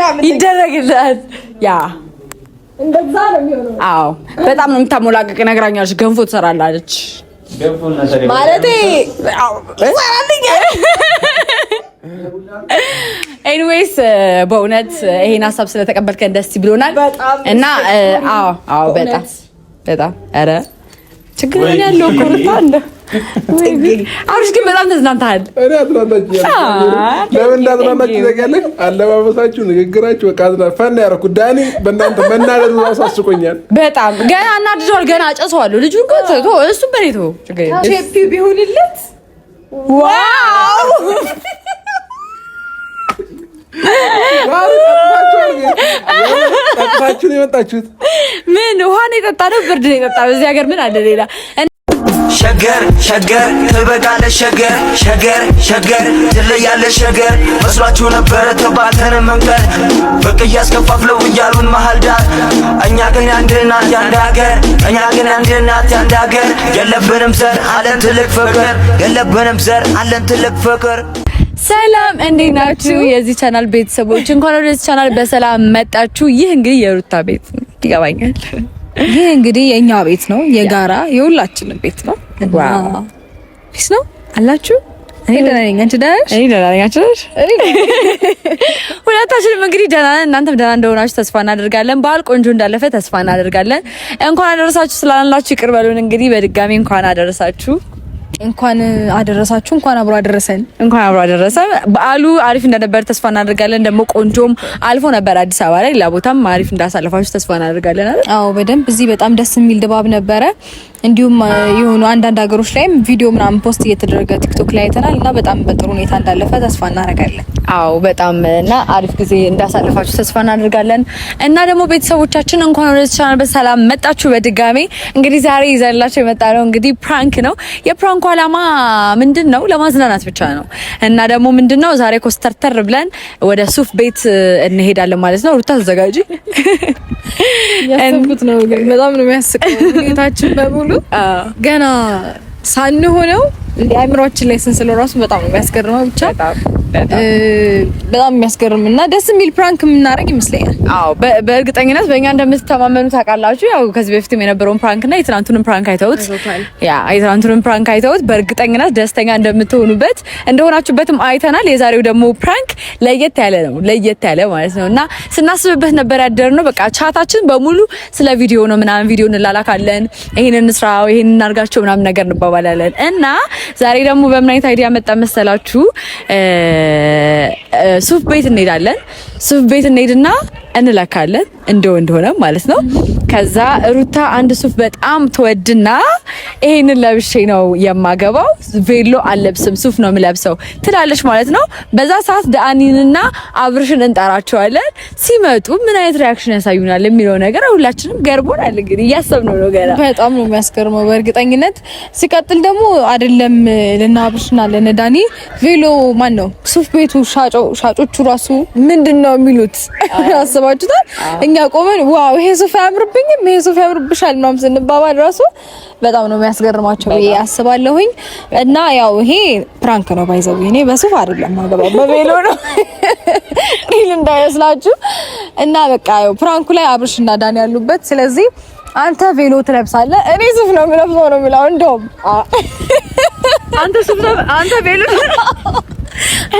ቆንጆ ይደረግልሃል። ያ አዎ፣ በጣም ነው የምታሞላቀቅ ነግራኛለች። ገንፎ ትሰራላለች ማለት ኤኒዌይስ በእውነት ይሄን ሀሳብ ስለተቀበልከን ደስ ብሎናል እና አዎ አዎ በጣም በጣም ኧረ ችግር ምን ያለው ኮርታ አለ አብርሽ ግን በጣም ተዝናንተሃል። እኔ አዝናናችሁ ለምን እንዳዝናናችሁ ታውቂያለሽ? አለባበሳችሁ፣ ንግግራችሁ በቃ አዝና ፈና ያደረኩት ዳኒ በእናንተ መናደዱ ራሱ አስቆኛል በጣም ገና እናድደዋል። ገና አጨሰዋለሁ ልጁን እሱም በኔቶ ቢሆንለት ዋው ጠቅማችሁ የመጣችሁት? ምን ውሃ ነው የጠጣ ነው? ብርድ ነው የጠጣ ነው። ሀገር ምን አለ ሌላ? ሸገር ሸገር ትበቃለ ሸገር ሸገር ሸገር ትለያለ ሸገር መስሏችሁ ነበረ ተባተን መንገድ በቅዬ አስከፋፍለው እያሉን መሀል ዳር እኛ ግን አንድ ያንድ ሀገር እኛ ግን አንድ ያንድ ሀገር የለብንም ዘር አለን ትልቅ ፍቅር የለብንም ዘር አለን ትልቅ ፍቅር ሰላም እንዴት ናችሁ? የዚህ ቻናል ቤተሰቦች እንኳን ወደዚህ ቻናል በሰላም መጣችሁ። ይህ እንግዲህ የሩታ ቤት ይገባኛል። ይህ እንግዲህ የእኛ ቤት ነው፣ የጋራ የሁላችንም ቤት ነው። ፒስ ነው አላችሁ። ሁለታችንም እንግዲህ ደህና ነን። እናንተም ደህና እንደሆናችሁ ተስፋ እናደርጋለን። በዓል ቆንጆ እንዳለፈ ተስፋ እናደርጋለን። እንኳን አደረሳችሁ ስላላችሁ ይቅር በሉን። እንግዲህ በድጋሚ እንኳን አደረሳችሁ። እንኳን አደረሳችሁ። እንኳን አብሮ አደረሰን። እንኳን አብሮ አደረሰ። በዓሉ አሪፍ እንደነበር ተስፋ እናደርጋለን። ደግሞ ቆንጆም አልፎ ነበር አዲስ አበባ ላይ። ሌላ ቦታም አሪፍ እንዳሳለፋችሁ ተስፋ እናደርጋለን አይደል? አዎ፣ በደንብ እዚህ በጣም ደስ የሚል ድባብ ነበረ። እንዲሁም የሆኑ አንዳንድ ሀገሮች ላይም ቪዲዮ ምናምን ፖስት እየተደረገ ቲክቶክ ላይ አይተናል እና በጣም በጥሩ ሁኔታ እንዳለፈ ተስፋ እናደርጋለን። አዎ፣ በጣም እና አሪፍ ጊዜ እንዳሳለፋችሁ ተስፋ እናደርጋለን እና ደግሞ ቤተሰቦቻችን እንኳን ወደ ቻናል በሰላም መጣችሁ በድጋሜ። እንግዲህ ዛሬ ይዘንላችሁ የመጣነው እንግዲህ ፕራንክ ነው የፕራንክ የመጣንኩ አላማ ምንድን ነው? ለማዝናናት ብቻ ነው እና ደግሞ ምንድን ነው ዛሬ ኮስተርተር ብለን ወደ ሱፍ ቤት እንሄዳለን ማለት ነው። ሩታ ተዘጋጂ። ያሰብኩት ነው። በጣም ነው የሚያስቀው ሁኔታችን በሙሉ ገና ሳንሆነው እንደ ላይ ስንስለው ራሱ በጣም ነው የሚያስገርመው። ብቻ በጣም የሚያስገርም እና ደስ የሚል ፕራንክ የምናደርግ ይመስለኛል። አዎ በእርግጠኝነት በእኛ እንደምትተማመኑ ታውቃላችሁ። ያው ከዚህ በፊትም የነበረውን ፕራንክ እና የትናንቱንም ፕራንክ አይተውት ያ የትናንቱንም ፕራንክ አይተውት በእርግጠኝነት ደስተኛ እንደምትሆኑበት እንደሆናችሁበትም አይተናል። የዛሬው ደግሞ ፕራንክ ለየት ያለ ነው፣ ለየት ያለ ማለት ነው እና ስናስብበት ነበር ያደርነው። በቃ ቻታችን በሙሉ ስለ ቪዲዮ ነው ምናምን ቪዲዮ እንላላካለን፣ ይሄንን ስራ ይሄንን እናርጋቸው ምናምን ነገር እንባባላለን እና ዛሬ ደግሞ በምን አይነት አይዲያ መጣ መሰላችሁ? ሱፍ ቤት እንሄዳለን። ሱፍ ቤት እንሄድና እንለካለን እንደ ወንድ ሆነ ማለት ነው። ከዛ ሩታ አንድ ሱፍ በጣም ትወድና ይሄንን ለብሼ ነው የማገባው፣ ቬሎ አለብስም ሱፍ ነው የምለብሰው ትላለች ማለት ነው። በዛ ሰዓት ዳኒንና አብርሽን እንጠራቸዋለን። ሲመጡ ምን አይነት ሪያክሽን ያሳዩናል የሚለው ነገር ሁላችንም ገርሞናል። ግን እያሰብነው ነው ገና። በጣም ነው የሚያስገርመው በእርግጠኝነት ሲቀጥል ደግሞ አይደለም ለና አብርሽና ለነ ዳኒ ቬሎ ማን ነው ሱፍ ቤቱ ሻጮቹ ራሱ ምንድን ነው የሚሉት ገባችሁታል። እኛ ቆመን ዋው ይሄ ሱፍ አያምርብኝም፣ ይሄ ሱፍ ያምርብሻል ምናምን ስንባባል ራሱ በጣም ነው የሚያስገርማቸው ብዬ አስባለሁኝ። እና ያው ይሄ ፕራንክ ነው ባይዘው እኔ በሱፍ አይደለም ማገባው በቬሎ ነው ሊል እንዳይመስላችሁ። እና በቃ ያው ፕራንኩ ላይ አብርሽ እና ዳን ያሉበት ስለዚህ አንተ ቬሎ ትለብሳለህ፣ እኔ ሱፍ ነው የምለብሰው ነው የሚለው። እንደውም አንተ ሱፍ አንተ ቬሎ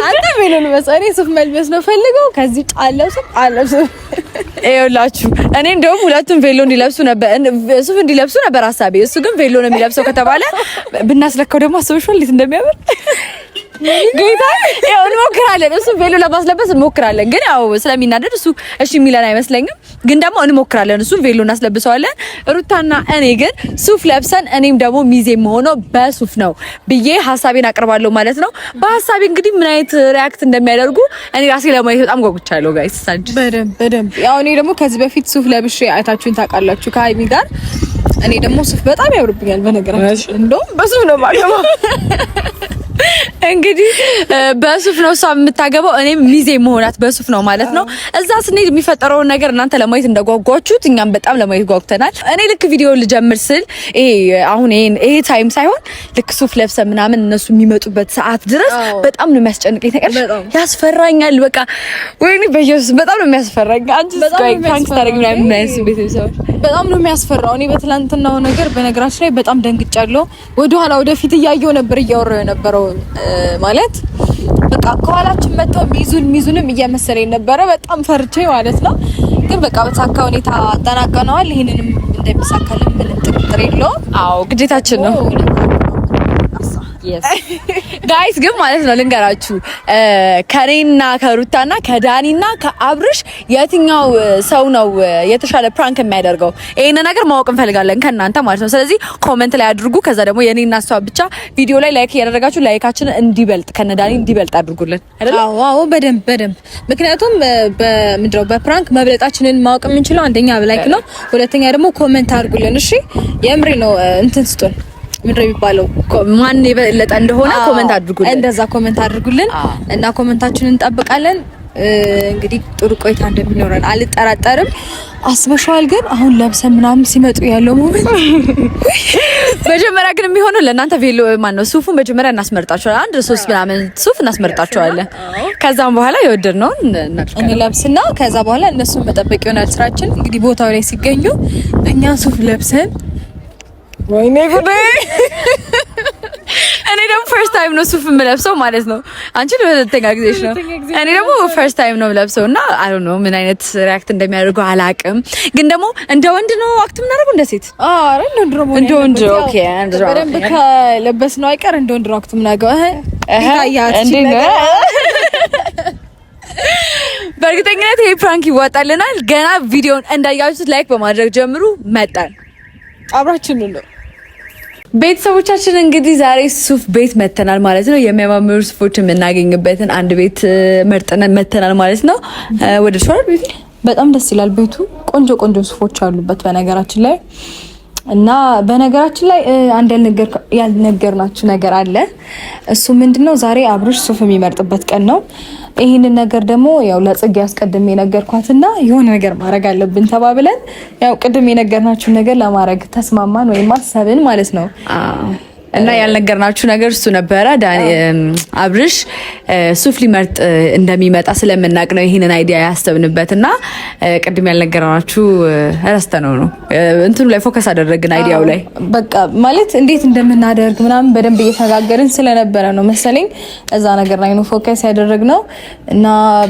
አንተ ቤሉን መሰሪ ሱፍ መልበስ ነው ፈልገው ከዚህ ጣለው ሱፍ ጣለብስ ጣለብስ ይኸውላችሁ እኔ እንደውም ሁለቱም ቬሎ እንዲለብሱ ነበር ሱፍ እንዲለብሱ ነበር ሀሳቤ። እሱ ግን ቬሎ ነው የሚለብሰው ከተባለ ብናስለካው ደግሞ አስበሽው እንዴት እንደሚያምር ጌታ ያው እንሞክራለን። እሱ ቬሎ ለማስለበስ እንሞክራለን፣ ግን ያው ስለሚናደድ እሱ እሺ የሚለን አይመስለኝም። ግን ደግሞ እንሞክራለን። እሱ ቬሎ እናስለብሰዋለን። ሩታና እኔ ግን ሱፍ ለብሰን እኔም ደግሞ ሚዜ የምሆነው በሱፍ ነው ብዬ ሀሳቤን አቅርባለሁ ማለት ነው። በሀሳቤ እንግዲህ ምን አይነት ሪያክት እንደሚያደርጉ እኔ ራሴ ለማየት በጣም ጓጉቻለሁ። ጋይስ ሳንቺ በደንብ በደንብ ያው እኔ ደግሞ ከዚህ በፊት ሱፍ ለብሼ አይታችሁን ታውቃላችሁ ከሀይሚ ጋር እኔ ደግሞ ሱፍ በጣም ያምርብኛል። በነገራችን እንደውም በሱፍ ነው የማገባው። እንግዲህ በሱፍ ነው እሷ የምታገባው፣ እኔም ሚዜ መሆናት በሱፍ ነው ማለት ነው። እዛ ስንሄድ የሚፈጠረውን ነገር እናንተ ለማየት እንደጓጓችሁት እኛም በጣም ለማየት ጓጉተናል። እኔ ልክ ቪዲዮ ልጀምር ስል ይሄ አሁን ይሄ ታይም ሳይሆን ልክ ሱፍ ለብሰ ምናምን እነሱ የሚመጡበት ሰዓት ድረስ በጣም ነው የሚያስጨንቀኝ። ተቀርሽ ያስፈራኛል። በቃ ወይኔ በኢየሱስ በጣም ነው የሚያስፈራኝ። አንቺ ስቆይ ታንክስ ታደርጊ ምናምን ምናምን ቤተሰቦች በጣም ነው የሚያስፈራው እኔ የትላንትናው ነገር በነገራችን ላይ በጣም ደንግጫለሁ። ወደኋላ ወደፊት እያየው ነበር እያወራው የነበረው ማለት በቃ ከኋላችን መጥተው ሚዙን ሚዙንም እየመሰለኝ ነበረ በጣም ፈርቼ ማለት ነው። ግን በቃ በተሳካ ሁኔታ አጠናቀነዋል። ይህንንም እንደሚሳካልን ምንም ጥርጥር የለውም። አዎ ግዴታችን ነው። ጋይስ ግን ማለት ነው ልንገራችሁ፣ ከኔና ከሩታና ከዳኒና ከአብርሽ የትኛው ሰው ነው የተሻለ ፕራንክ የሚያደርገው? ይሄን ነገር ማወቅ እንፈልጋለን ከእናንተ ማለት ነው። ስለዚህ ኮመንት ላይ አድርጉ። ከዛ ደግሞ የኔና እሷ ብቻ ቪዲዮ ላይ ላይክ እያደረጋችሁ ላይካችንን እንዲበልጥ ዳኒ እንዲበልጥ አድርጉልን። አዎ በደንብ በደንብ ምክንያቱም በምድረው በፕራንክ መብለጣችንን ማወቅ የምንችለው አንደኛ ላይክ ነው፣ ሁለተኛ ደግሞ ኮመንት አድርጉልን። እሺ የምሬ ነው። እንትን ስጡን ምንድን ነው የሚባለው? ማን የበለጠ እንደሆነ ኮመንት አድርጉልን፣ እንደዛ ኮመንት አድርጉልን እና ኮመንታችንን እንጠብቃለን። እንግዲህ ጥሩ ቆይታ እንደሚኖረን አልጠራጠርም። አስበሽዋል ግን አሁን ለብሰን ምናምን ሲመጡ ያለው ሞመንት መጀመሪያ ግን የሚሆነው ለእናንተ ቬሎ ማን ነው ሱፉ መጀመሪያ እናስመርጣቸዋለን። አንድ ሶስት ምናምን ሱፍ እናስመርጣቸዋለን። ከዛም በኋላ የወደድነውን እንለብስና ከዛ በኋላ እነሱን መጠበቅ ይሆናል ስራችን። እንግዲህ ቦታው ላይ ሲገኙ እኛ ሱፍ ለብሰን ወይኔ ጉዴ! እኔ ደግሞ ፈርስት ታይም ነው ሱፍ የምለብሰው ማለት ነው። አንቺ ለሁለተኛ ጊዜሽ ነው። እኔ ደግሞ ፈርስት ታይም ነው የምለብሰው እና አይ ዶንት ምን አይነት ሪያክት እንደሚያደርገው አላቅም። ግን ደግሞ እንደ ወንድ ነው አክት የምናደርገው እንደ ሴት? አረ እንደ ወንድ ነው። እንደ ወንድ ኦኬ። በደንብ ከለበስ ነው አይቀር እንደ ወንድ ነው አክት የምናደርገው። እህ ነው በእርግጠኝነት ይሄ ፕራንክ ይዋጣልናል። ገና ቪዲዮን እንዳያችሁት ላይክ በማድረግ ጀምሩ። መጣን አብራችን ነው ቤተሰቦቻችን እንግዲህ ዛሬ ሱፍ ቤት መተናል ማለት ነው። የሚያማምሩ ሱፎች የምናገኝበትን አንድ ቤት መርጠን መተናል ማለት ነው። ወደ ሸዋል በጣም ደስ ይላል ቤቱ። ቆንጆ ቆንጆ ሱፎች አሉበት በነገራችን ላይ እና በነገራችን ላይ አንድ ያልነገርናችሁ ነገር አለ። እሱ ምንድነው ዛሬ አብርሽ ሱፍ የሚመርጥበት ቀን ነው። ይህንን ነገር ደግሞ ያው ለጽጌ አስቀድሜ የነገርኳትና የሆነ ነገር ማድረግ አለብን ተባብለን ያው ቅድም የነገርናችሁን ነገር ለማድረግ ተስማማን ወይም አሰብን ማለት ነው። እና ያልነገርናችሁ ነገር እሱ ነበረ። አብርሽ ሱፍ ሊመርጥ እንደሚመጣ ስለምናቅ ነው ይህንን አይዲያ ያሰብንበት እና ቅድም ያልነገርናችሁ ረስተ ነው ነው እንትኑ ላይ ፎከስ አደረግን አይዲያው ላይ በቃ ማለት እንዴት እንደምናደርግ ምናምን በደንብ እየተነጋገርን ስለነበረ ነው መሰለኝ እዛ ነገር ላይ ነው ፎከስ ያደረግነው እና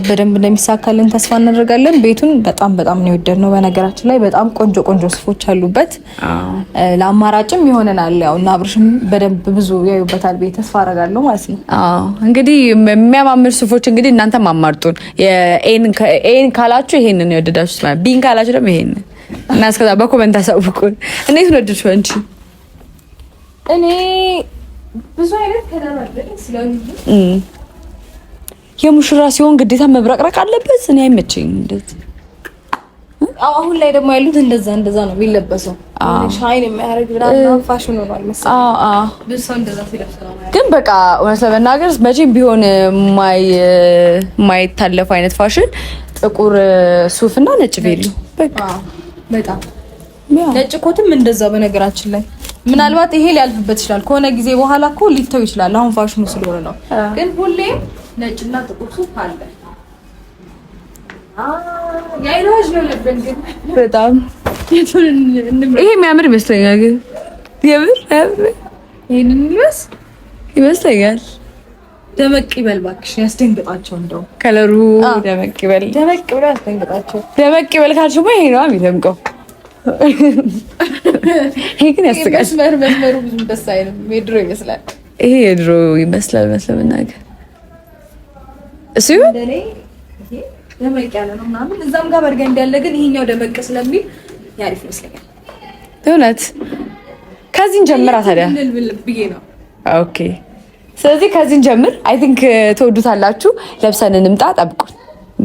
በደንብ እንደሚሳካልን ተስፋ እናደርጋለን። ቤቱን በጣም በጣም ነው ነው። በነገራችን ላይ በጣም ቆንጆ ቆንጆ ሱፎች አሉበት። ለአማራጭም ይሆነናል ያው እና አብርሽም በደንብ ብዙ ያዩበታል ብዬ ተስፋ አደርጋለሁ ማለት ነው። እንግዲህ የሚያማምር ሱፎች እንግዲህ እናንተ ማማርጡን ኤን ካላችሁ ይሄንን የወደዳችሁት ማለት ቢን ካላችሁ ደግሞ ይሄንን እና እስከዛ በኮመንት አሳውቁን። እንዴት ነው ድርሽ አንቺ? እኔ ብዙ አይነት የሙሽራ ሲሆን ግዴታ መብረቅረቅ አለበት። እኔ አይመቸኝ እንደዚህ አሁን ላይ ደግሞ ያሉት እንደዛ እንደዛ ነው የሚለበሰው። ሻይን የሚያደርግ ፋሽን ሆኗል መሰለኝ። ግን በቃ እውነት ለመናገር መቼም ቢሆን የማይታለፍ አይነት ፋሽን ጥቁር ሱፍ እና ነጭ ቤሉ በቃ በጣም ነጭ ኮትም እንደዛ። በነገራችን ላይ ምናልባት ይሄ ሊያልፍበት ይችላል። ከሆነ ጊዜ በኋላ እኮ ሊተው ይችላል። አሁን ፋሽኑ ስለሆነ ነው። ግን ሁሌም ነጭና ጥቁር ሱፍ አለ። በጣም ይሄ የሚያምር ይመስለኛል፣ ግን የምር ይሄንን ይመስለኛል። ደመቅ ይበል እባክሽ፣ ያስደንግጣቸው። እንደው ከለሩ ደመቅ ይበል፣ ደመቅ ብሎ ያስደንግጣቸው። ደመቅ ይበል ካልሽማ ይሄ ነው የሚደምቀው። ይሄ ግን ያስቃል። መስመር መስመሩ ብዙም ደስ አይልም፣ የድሮ ይመስላል። ይሄ የድሮ ይመስላል መስለ መናገር እሱ ደመቅ ያለ ነው ምናምን እዛም ጋር በርገንዲ ያለ ግን ይሄኛው ደመቅ ስለሚል ያሪፍ ይመስለኛል። እውነት ከዚህን ጀምራ ታዲያ ብዬ ነው። ኦኬ ስለዚህ ከዚህን ጀምር። አይ ቲንክ ትወዱታላችሁ። ለብሰን እንምጣ። ጠብቁን።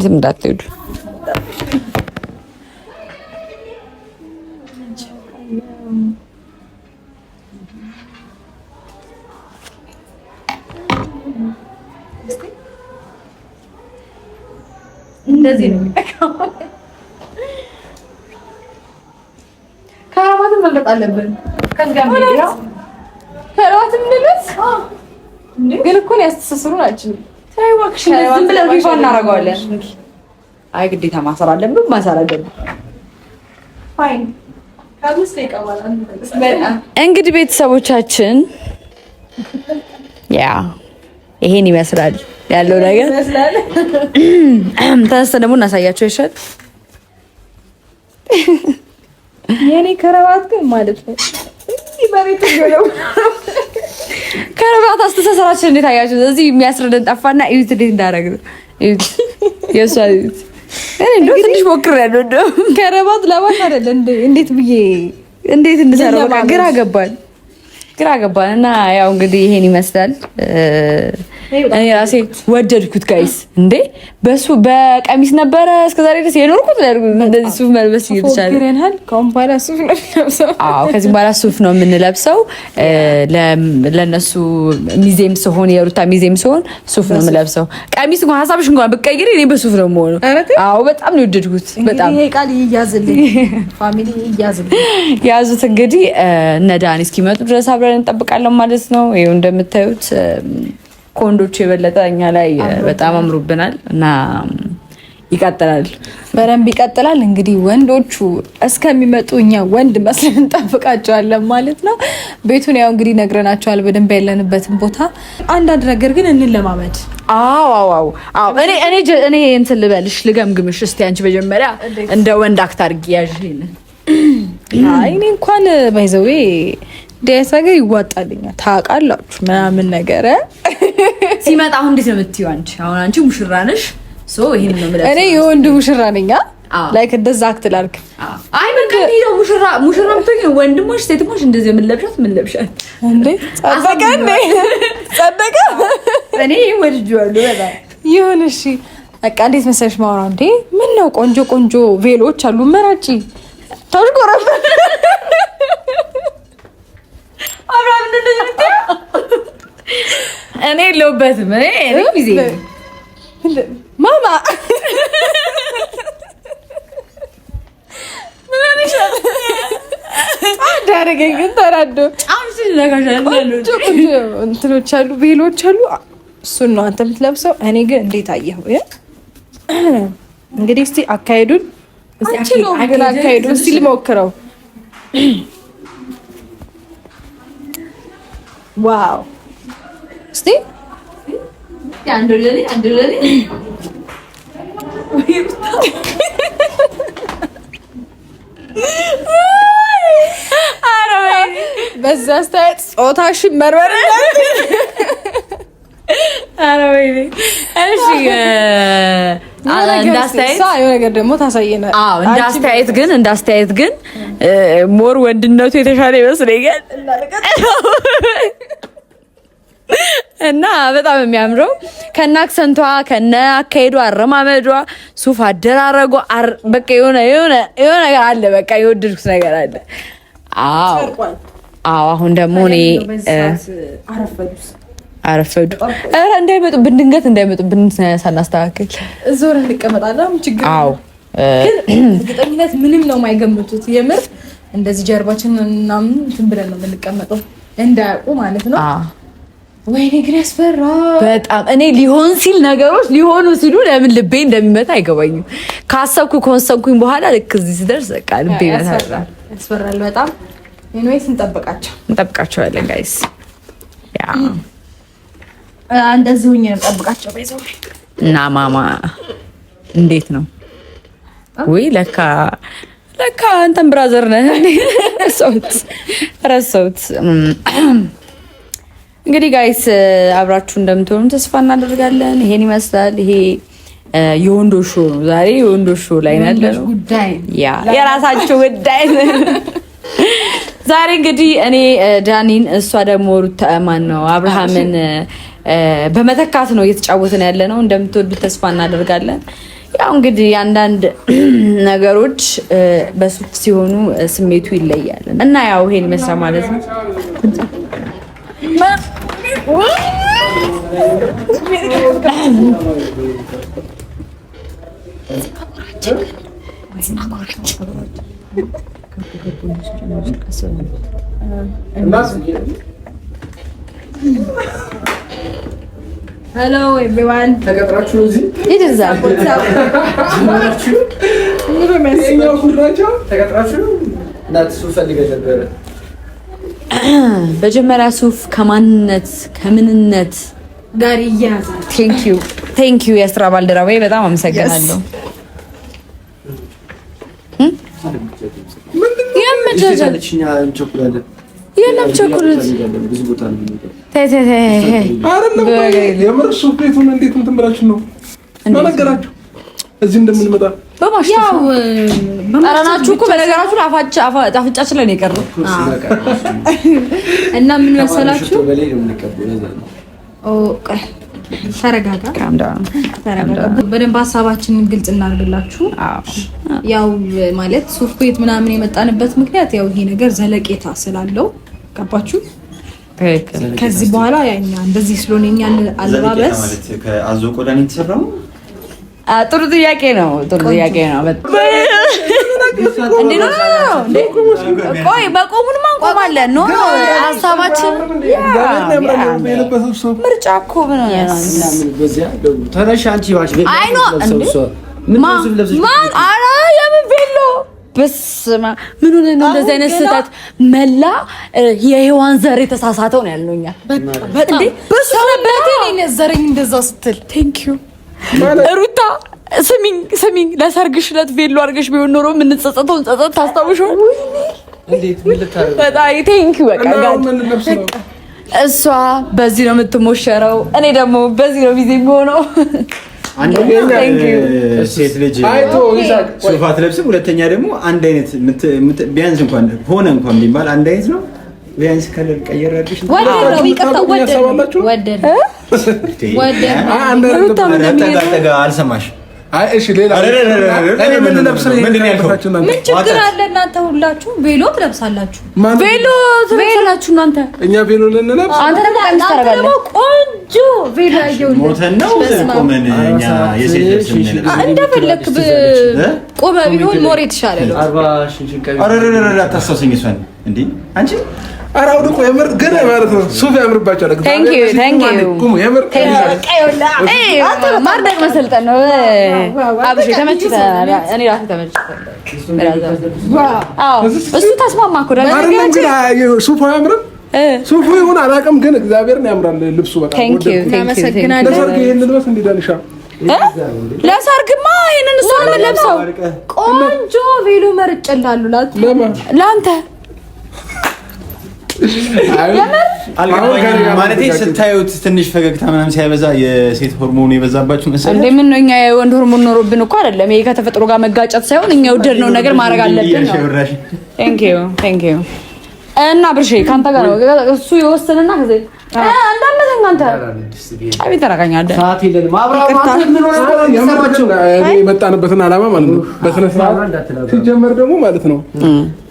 ዝም እንዳትሄዱ። እንደዚህ ነው የሚጠቀመው። ከረባትን መልበጥ አለብን። ከዚጋም ቢያ ግን እኮ ያስተሳስሩ ናቸው። ዝም ብለን ሪቫ እናደርገዋለን። አይ ግዴታ ማሰር አለብን፣ ማሰር አለብን። እንግዲህ ቤተሰቦቻችን ያ ይሄን ይመስላል። ያለው ነገር ተነስተ ደግሞ እናሳያቸው ይሻል። የኔ ከረባት ግን ማለት ነው ነው ከረባት አስተሳሰራችን እንዴት አያችሁ? እዚህ የሚያስረደን ጠፋና እዩት እንዴት እንዳደረግ ነው። የእሷ እንደው ትንሽ ሞክሬያለሁ። እንደው ከረባት ለባት አይደለ እንዴት ብዬ እንዴት እንሰራው ግራ ገባል። ግራ ገባን እና ያው እንግዲህ ይሄን ይመስላል። እኔ ራሴ ወደድኩት ጋይስ። እንዴ በሱ በቀሚስ ነበረ እስከዛሬ ድረስ የኖርኩት እንደዚህ ሱፍ መልበስ እየተቻለ ከሁን በኋላ ሱፍ ነው የምንለብሰው። ከዚህ በኋላ ሱፍ ነው የምንለብሰው። ለእነሱ ሚዜም ሲሆን የሩታ ሚዜም ሲሆን ሱፍ ነው የምለብሰው። ቀሚስ እንኳን ሀሳብሽ እንኳን ብቀይር እኔ በሱፍ ነው የምሆነው። አዎ በጣም ነው የወደድኩት። በጣም ይሄ ቃል ይያዝልኝ፣ ፋሚሊ ይያዝልኝ። ያዙት እንግዲህ እነ ዳኒ እስኪመጡ ድረስ አብረን እንጠብቃለን ማለት ነው። ይኸው እንደምታዩት ከወንዶቹ የበለጠ እኛ ላይ በጣም አምሮብናል እና ይቀጥላል፣ በደንብ ይቀጥላል። እንግዲህ ወንዶቹ እስከሚመጡ እኛ ወንድ መስለን እንጠብቃቸዋለን ማለት ነው። ቤቱን ያው እንግዲህ ነግረናቸዋል በደንብ ያለንበትን ቦታ። አንዳንድ ነገር ግን እንለማመድ። አዎ እኔ እንትን ልበልሽ፣ ልገምግምሽ እስቲ አንቺ መጀመሪያ እንደ ወንድ አክት አድርጊ ያዥ። እኔ እንኳን ባይዘዌ ዲያስ ነገር ይዋጣልኛል ታውቃላችሁ ምናምን ነገር ሲመጣ አሁን እንዴት ነው የምትይው? አንቺ አሁን አንቺ ሙሽራ ነሽ። ሶ ይሄን ነው እኔ የወንድ ሙሽራ ነኝ። ላይክ እንደዛ አክትላልክ አይ ምን ላልክ ነው ሙሽራ ሙሽራ ምትኝ ወንድሞች፣ ሴትሞች እንደዚህ የምንለብሻት ምንለብሻት እንዴ ጸደቀ እንዴ ጸደቀ እኔ ወድጄዋለሁ በጣም ይሁን። እሺ በቃ እንዴት መሰለሽ ማውራ እንዴ ምን ነው ቆንጆ ቆንጆ ቬሎች አሉ መራጭ ታሽቆረበ እኔ የለሁበትም። ጊዜ ማማ እንዳደረገኝ ግን ተራዶ እንትኖች አሉ፣ ቤሎች አሉ። እሱን ነው አንተ የምትለብሰው። እኔ ግን እንዴት አየኸው? እንግዲህ እስኪ አካሄዱን አካሄዱን እስኪ ልሞክረው ዋው እስቲ በዛ አስተያየት ጾታሽን መርመር። ወይኔ! እሺ ነገር ደግሞ ታሳየናል። እንዳስተያየት ግን እንዳስተያየት ግን ሞር ወንድነቱ የተሻለ ይመስለኛል እና በጣም የሚያምረው ከነ አክሰንቷ ከነ አካሄዷ፣ አረማመዷ፣ ሱፍ አደራረጎ በቃ የሆነ የሆነ ነገር አለ። በቃ የወደድኩት ነገር አለ። አዎ አዎ። አሁን ደግሞ እኔ አረፈዱ። ኧረ እንዳይመጡብን ድንገት እንዳይመጡብን ሳናስተካክል ዞር እንቀመጣለን። ችግር እርግጠኝነት ምንም ነው የማይገምቱት። የምር እንደዚህ ጀርባችን ምናምን እንትን ብለን ነው የምንቀመጠው እንዳያውቁ ማለት ነው። ወይኔ ግን ያስፈራ በጣም። እኔ ሊሆን ሲል ነገሮች ሊሆኑ ሲሉ ለምን ልቤ እንደሚመታ አይገባኝም። ካሰብኩ ከወሰንኩኝ በኋላ ልክ እዚህ ስደርስ በቃ ልቤ ይመታል። ያስፈራል በጣም። ኤኒዌይስ እንጠብቃቸው እንጠብቃቸዋለን ጋይስ ያ እንደዚህ ነው እና ማማ እንዴት ነው? ውይ ለካ ለካ አንተን ብራዘር ነህ። እንግዲህ ጋይስ አብራችሁ እንደምትሆኑ ተስፋ እናደርጋለን። ይሄን ይመስላል። ይሄ የወንዶች ሾው ነው ዛሬ፣ ላይ ያለ ነው። የራሳቸው ጉዳይ ዛሬ እንግዲህ እኔ ዳኒን፣ እሷ ደግሞ ሩታ ማን ነው አብርሃምን በመተካት ነው እየተጫወትን ያለ ነው። እንደምትወዱት ተስፋ እናደርጋለን። ያው እንግዲህ አንዳንድ ነገሮች በሱፍ ሲሆኑ ስሜቱ ይለያል እና ያው ይሄን መሳ ማለት ነው። ሄሎ ኤቭሪዋን ተቀጥራችሁ እዚህ መጀመሪያ ሱፍ ከማንነት ከምንነት ጋር ይያዛል። ቴንኪው ቴንኪው የስራ ባልደረባዬ በጣም አመሰግናለሁ። የምጃጃል የለም ቸኩርት የምር ሱፍ ቤቱን እንዴት እንትን ብላችሁ ነው መነገራችሁ? እዚህ እንደምንመጣ ጠረናችሁ እኮ በነገራችሁ ጣፍንጫችን ላይ ነው የቀረው እና ምን መሰላችሁ ተረጋጋ በደንብ ሀሳባችንን ግልጽ እናድርግላችሁ። ያው ማለት ሱፍ ቤት ምናምን የመጣንበት ምክንያት ያው ይሄ ነገር ዘለቄታ ስላለው ገባችሁ? ከዚህ በኋላ ያኛ እንደዚህ ስለሆነ የኛ አለባበስ ከአዞ ቆዳ ነው የተሰራው። ጥሩ ጥያቄ ነው። ጥሩ ጥያቄ ነው። ቆይ በቆሙንማ እንቆማለን። ኖ ሀሳባችን ምርጫ እኮ ተነሽ አንቺ በስማ ምን ሆነ ነው እንደዚህ አይነት ስህተት መላ የሔዋን ዘር የተሳሳተው ነው ያለውኛል። በጣም በሰው ነበር ዘረኝ እንደዛ ስትል ቴንክ ዩ ሩታ ስሚኝ ስሚኝ፣ ለሰርግሽ ዕለት ቬሎ አድርገሽ ቢሆን ኖሮ የምንጸጸተውን ጸጸት ታስታውሽው። እሷ በዚህ ነው የምትሞሸረው፣ እኔ ደግሞ በዚህ ነው ቢዜ የሚሆነው። ሴት ልጅ ሱፍ አትለብስም። ሁለተኛ ደግሞ አንድ አይነት ቢያንስ እንኳን ሆነ እንኳን ቢባል አንድ አይነት ነው። ቢያንስ ከለር ቀየር አድርግሽ አልሰማሽ አይ እሺ፣ ሌላ እኔ ምን ለብስ ነው? ምን ያልከው? ምን ችግር አለ? እናንተ ሁላችሁ ቬሎ ትለብሳላችሁ፣ ቬሎ ትለብሳላችሁ እናንተ። እኛ ቬሎ ልንለብስ፣ አንተ ደግሞ ቀሚስ ቆንጆ ቬሎ ያየው ሞተን ነው ቆመን፣ እኛ የሴት ልብስ እንደፈለክ ቆመ ቢሆን ሞር የተሻለ ነው። አታስታውሰኝ እሷን እንዴ አንቺ አራውዱ እኮ የምር ግን ማለት ነው ሱፍ ያምርባቸዋል። ማርዳግ መሰልጠን ነው። አብሽ ተመችተናል። እኔ ራሴ ተመችቶኛል። እሱ ተስማማ እኮ ሱፉ አያምርም። ሱፉ ይሁን አላውቅም፣ ግን እግዚአብሔርን ያምራል ልብሱ። በቃ ለሰርግ ይሄን ልበስ እንዲዳንሻ ለሰርግማ ይሄንን እሱ ለብሰው ቆንጆ ቬሎ መርጬልሃለሁ ላንተ ማለት ስታዩት ትንሽ ፈገግታ ምናምን ሲያበዛ የሴት ሆርሞን የበዛባችሁ መሰለኝ። እንደምን ነው እኛ የወንድ ሆርሞን ኖሮብን እኮ አይደለም። ይሄ ከተፈጥሮ ጋር መጋጨት ሳይሆን እኛ ነው ነገር ማድረግ አለብን። እና ብርሽ ከአንተ ጋር ነው እሱ የወሰንና ከዚህ አንተ የመጣንበትን ዓላማ ማለት ነው በስነ ስርዓት ሲጀመር ደግሞ ማለት ነው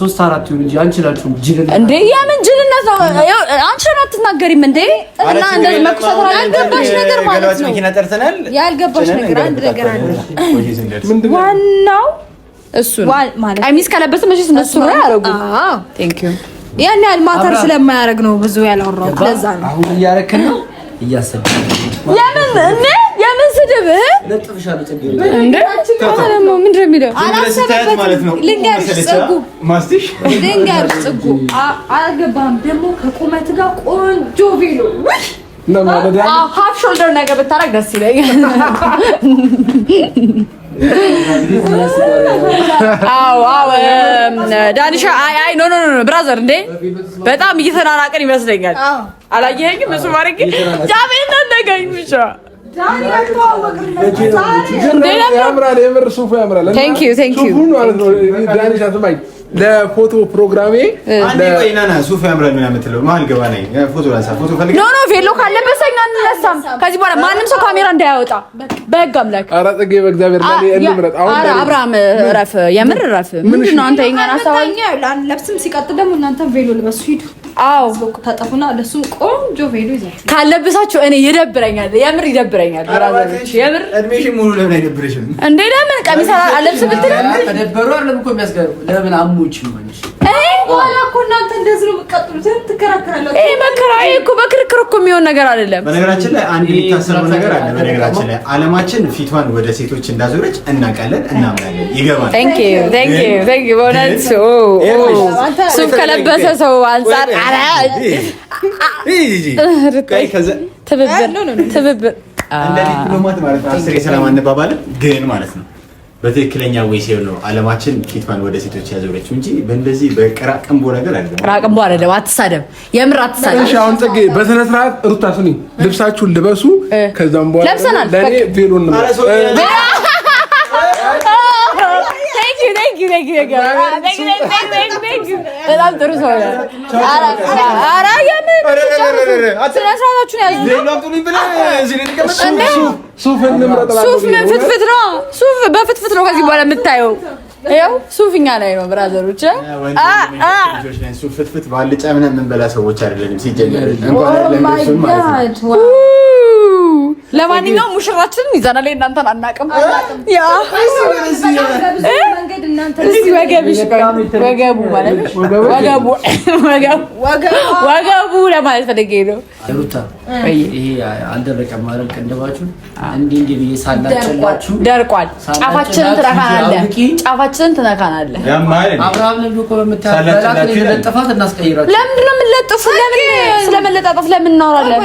ሶስት አራት ይሁን እንጂ አንቺ ናችሁ የምን ጅልነት ነው? አንቺ ነው አትናገሪም እንዴ? እና እንደዚህ መኩሰት ያልገባሽ ነገር ማለት ነው። ያልገባሽ ነገር አንድ ነገር አለ። ዋናው እሱ ነው ቀሚስ ነው ያደረጉ። ያን ያህል ማተር ስለማያደርግ ነው ብዙ ያላወራሁት። ለዛ ነው አሁን እያረክን ነው እያሰብኩ የምን እኔ ደግሞ ከቁመት ጋር ቆንጆ ቬሎ ሀፍ ሾልደር ነገር ብታረግ ደስ ይለኛል። ዳንሻ አይ ኖ ኖ ኖ ብራዘር እንዴ በጣም እየተናናቀን ይመስለኛል። አላየኸኝም? እሱ ማድረግ ጃሜ እናነጋኝ ብቻ ያምራል የምር ሱፉ ያምራል። ለፎቶ ፕሮግራሜ ሱፉ ያምራል ምናምን የምትለው መሀል ገባ ነኝ ፎቶ ላንሳ። ፎቶ ፈልግ ኖ ኖ ቬሎ ካለበሰኝ አንነሳም። ከዚህ በኋላ ማንም ሰው ካሜራ እንዳያወጣ በህግ አምላክ። ኧረ ጽጌ በእግዚአብሔር እንምረጥ። አሁን አብርሃም እረፍ፣ የምር እረፍ። ምንድን ነው አንተ የኛን አስተዋል ለብስም ሲቀጥ ደግሞ እናንተ ቬሎ ልበሱ ሂዱ አዎ ታጠፉና ለሱ ቆንጆ ቬሎ ይዛችሁ ካለብሳችሁ እኔ ይደብረኛል፣ የምር ይደብረኛል። ብራዘሮች የምር እድሜሽን ሙሉ ለምን አይደብረሽም እንዴ? ለምን ቀሚስ አለብስ ብትል ተደበሩ አይደለም እኮ የሚያስገርም። ለምን አሞች ነው ማለት በክርክር እኮ የሚሆን ነገር አይደለም። በነገራችን ላይ አንድ የሚታሰበው ነገር አለ። በነገራችን ላይ ፊቷን ወደ ሴቶች እንዳዞረች እናውቃለን፣ እናምናለን፣ ይገባል። በእውነት ከለበሰ ሰው አንጻር ትብብር እንደ ግን ማለት ነው በትክክለኛ ወይ ሲሆን ነው ዓለማችን ፊቷን ወደ ሴቶች ያዘውለችው እንጂ በእንደዚህ በቅራቅንቦ ነገር አይደለም። ቅራቅንቦ አይደለም። አትሳደብ፣ የምር አትሳደብ። እሺ አሁን ፅጌ በስነ ስርዓት ሩታ ስኒ ልብሳችሁን ልበሱ። ከዛም በኋላ ለኔ ቬሎ ነው ዩ በጣም ጥሩ ሰው ነው። ኧረ ፍትፍት ነው? ሱፍ በፍትፍት ነው ከዚህ በኋላ የምታየው። ይኸው ሱፍ እኛ ላይ ነው ብራዘሮች። ፍትፍት ባልጫ ምናምን የምንበላ ሰዎች አይደለንም ሲጀመር ለማንኛውም ሙሽራችንን ይዘናል። እናንተን አናውቅም። ወገቡ ለማለት ፈልጌ ነው። ይሄ አልደረቀም አይደል? ቅንድባችሁን እንዲህ እንዲህ ብዬ ሳላጨላችሁ ደርቋል። ጫፋችንን ትነካናለህ፣ ጫፋችንን ትነካናለህ። አብርሃም ለምዶ እኮ ለምንድን ነው የምንለጥፉ? ለምን ስለመለጣጠፍ ለምን እናወራለን?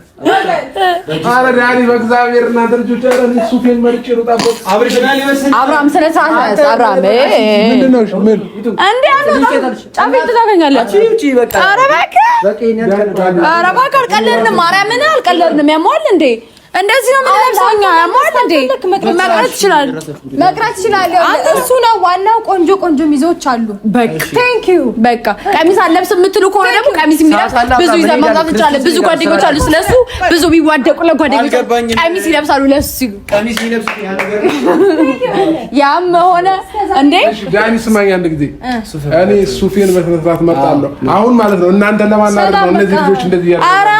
አረ ዳኒ በእግዚአብሔር እናንተ ልጆች፣ አረ ሱፌን መርጬ ልውጣበት። አብርሃም ስነ ስርዓት አብርሃም እንደዚህ ነው ምንም እኛ ማለት እንዴ መቅረት ይችላል፣ መቅረት ይችላል። እሱ ነው ዋናው። ቆንጆ ቆንጆ ሚዜዎች አሉ። በቃ ቴንክ ዩ። በቃ ቀሚስ አለብስ የምትሉ ከሆነ ደግሞ ቀሚስ የሚለብስ ብዙ ይዘህ መምጣት እንችላለን። ብዙ ጓደኞች አሉ፣ ስለሱ ብዙ የሚዋደቁ ለጓደኞች ቀሚስ ይለብሳሉ። ለሱ ሲሉ ያም ሆነ እንዴ ዳኒ ስማኝ፣ አንድ ጊዜ እኔ ሱፌን በስነስርዓት መጣለሁ። አሁን ማለት ነው እናንተ ለማናደር ነው እነዚህ ልጆች እንደዚህ ያሉ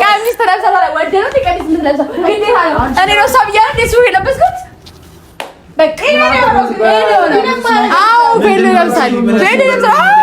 ቀሚስ ተለብሳ ወደ ቀሚስ ምትለብሳ እኔ ነው እሷ ብያለሁ። ሱሪ የለበስኩት በቃ ይሄ ነው። አዎ ቬሎ ይለብሳል። ቬሎ ይለብሳል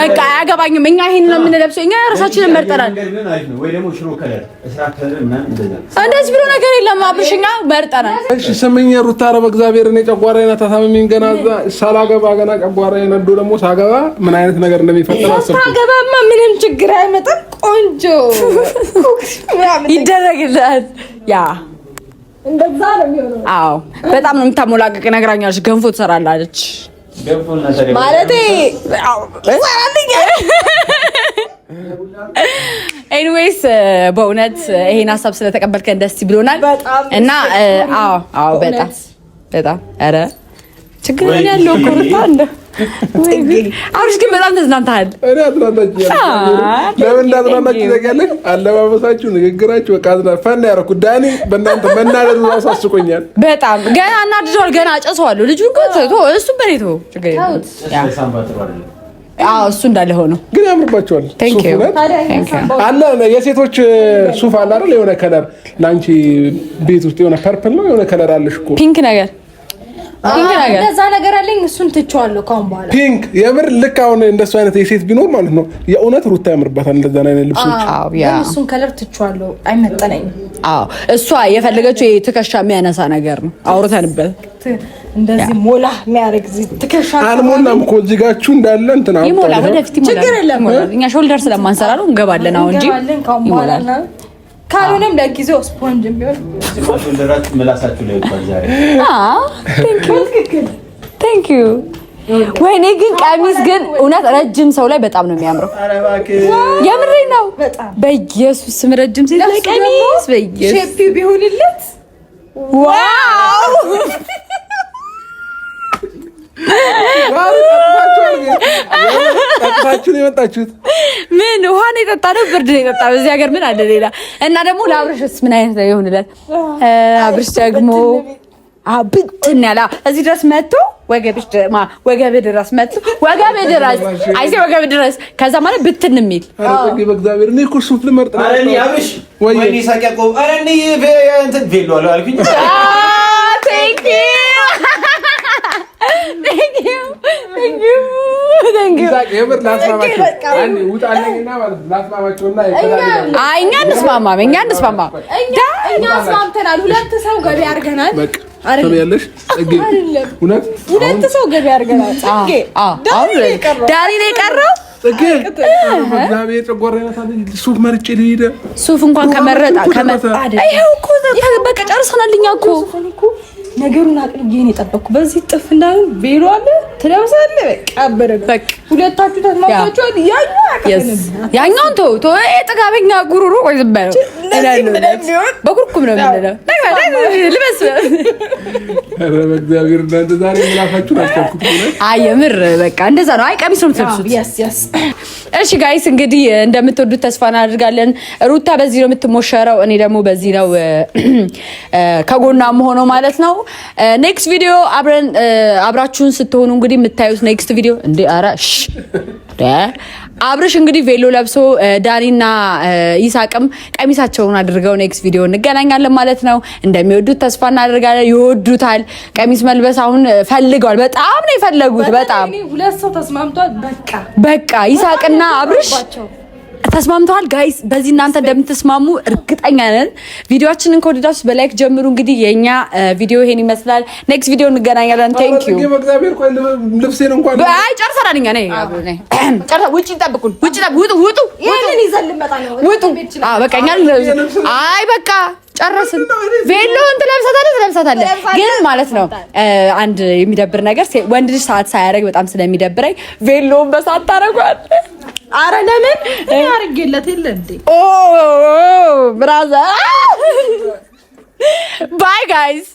በቃ አያገባኝም። እኛ ይሄን ነው የምንለብሰው። እኛ ራሳችንን መርጠናል። እንደዚህ ብሎ ነገር የለም አብርሽ፣ እኛ መርጠናል። እሺ ስምኝ ሩታ፣ ኧረ በእግዚአብሔር እኔ ጨጓራዬን አታሳምሚኝ። ገና ሳላገባ ገና ጨጓራዬን ነዶ፣ ደግሞ ሳገባ ምን አይነት ነገር እንደሚፈጠር አስብ። ሳገባማ ምንም ችግር አይመጣም። ቆንጆ ይደረግልሃል። ያ እንደዛ ነው የሚሆነው። አዎ፣ በጣም ነው የምታሞላቀቅ ነግራኛለች። ገንፎ ትሰራላለች ማለቴ ኤኒዌይስ በእውነት ይሄን ሀሳብ ስለተቀበልከን ደስ ብሎናል እና አዎ በጣም በጣም ኧረ ችግር ምን ያለው ኮርታ አለ አብርሽ ግን በጣም ተዝናንተሃል። እኔ አዝናናችሁ ለምን እንዳዝናናችሁ ታውቂያለሽ? አለባበሳችሁ፣ ንግግራችሁ በቃ አዝና ፈና ያደረኩት ዳኒ በእናንተ መናደዱ ራሱ አስቆኛል በጣም ገና እናድደዋል። ገና አጨሰዋለሁ ልጁ ከቶ እሱ በሬቶ እሱ እንዳለ ሆኖ ግን ያምርባቸዋል። አለ የሴቶች ሱፍ አለ አይደል? የሆነ ከለር ለአንቺ ቤት ውስጥ የሆነ ፐርፕል ነው የሆነ ከለር አለሽ እኮ ፒንክ ነገር እንደዛ ነገር አለኝ። እሱን ትቼዋለሁ ካሁን በኋላ። ፒንክ የምር ልክ አሁን እንደሱ አይነት የሴት ቢኖር ማለት ነው የእውነት ሩታ ያምርባታል። እንደዛ አይነት ልብሶች እሱን ከለር ትቼዋለሁ፣ አይመጠነኝም። እሷ የፈለገችው ትከሻ የሚያነሳ ነገር ነው፣ አውርተንበት እንደዚህ ሞላ የሚያደርግ ትከሻ አልሞላም እኮ እዚህ ጋችሁ እንዳለ እንትን ይሞላ፣ ወደፊት ይሞላ። ችግር የለም እኛ ሾልደር ስለማንሰራ ነው እንገባለን። አሁን እንጂ ይሞላል ካልሆነም ለጊዜው ስፖንጅ ቢሆን ምላሳችሁ ላይ ወይኔ ግን ቀሚስ ግን እውነት ረጅም ሰው ላይ በጣም ነው የሚያምረው። የምሬ ነው። በኢየሱስ ስም ረጅም ሴት ላይ ቀሚስ በኢየሱስ ሼፕ ቢሆንለት ዋው ጠቅማችሁ የመጣችሁት? ምን ውሃ ነው የጠጣ ነው? ብርድ ነው የጠጣ በዚህ ሀገር ምን አለ ሌላ? እና ደግሞ ለአብርሽስ ምን አይነት ነው ይሆንለት? አብርሽ ደግሞ ብትን ያለ እዚህ ድረስ መጥቶ ወገብ ድረስ መጥቶ ወገብ ድረስ አይዜ ወገብ ድረስ ከዛ ማለት ብትን የሚል በእግዚአብሔር እኔ እኮ እሱን ልመርጥ ነው እኛ እንስማማም፣ እኛ እንስማማም። እኛ አስማምተናል። ሁለት ሰው ገቢ አድርገናል። ሁለት ሰው ገቢ አድርገናል። ዳሪ ነው የቀረው። ሱፍ መርጬ ልሂድ። ሱፍ እንኳን በቃ ጨርሰናል እኛ እኮ ነገሩን አቅልዬ ነው የጠበቅኩ። በዚህ ጥፍ እንዳሁን ቤሎ አለ ትለብሳለ ቀበረ ሁለታችሁ ተስማምታችኋል። ያኛውን ተው ተው፣ ጥጋበኛ ጉሩሩ ወይ ዝም በኩርኩም ነው የምንለው ልበስ። በእግዚአብሔር እናንተ ዛሬ ምላፋችሁን አስቸኩት። አይ የምር በቃ እንደዛ ነው። አይ ቀሚስ ነው የምትለብሱት። እሺ ጋይስ፣ እንግዲህ እንደምትወዱት ተስፋ እናደርጋለን። ሩታ በዚህ ነው የምትሞሸረው፣ እኔ ደግሞ በዚህ ነው ከጎናም ሆኖ ማለት ነው። ኔክስት ቪዲዮ አብረን አብራችሁን ስትሆኑ እንግዲህ የምታዩት ኔክስት ቪዲዮ እንዴ አራሽ አብርሽ እንግዲህ ቬሎ ለብሶ ዳኒና ይሳቅም ቀሚሳቸውን አድርገው ኔክስት ቪዲዮ እንገናኛለን ማለት ነው። እንደሚወዱት ተስፋ እናደርጋለን። ይወዱታል። ቀሚስ መልበስ አሁን ፈልገዋል። በጣም ነው የፈለጉት። በጣም ሁለት ሰው ተስማምቷል። በቃ በቃ ይሳቅና አብርሽ ተስማምተዋል ጋይስ። በዚህ እናንተ እንደምትስማሙ እርግጠኛ ነን። ቪዲዮችንን ከወደዳችሁ በላይክ ጀምሩ። እንግዲህ የእኛ ቪዲዮ ይሄን ይመስላል። ኔክስት ቪዲዮ እንገናኛለን። ቴንክ ዩ። ጨርሰናል። ውጡ፣ አይ በቃ ጨረስን። ቬሎን ትለብሳታለህ ትለብሳታለህ፣ ግን ማለት ነው አንድ የሚደብር ነገር ወንድ ልጅ ሰዓት ሳያደርግ በጣም ስለሚደብረኝ ቬሎን በሰዓት ታደርጓለህ። አረ ለምን አርጌለት የለ እንዴ? ኦ ብራዘር ባይ ጋይስ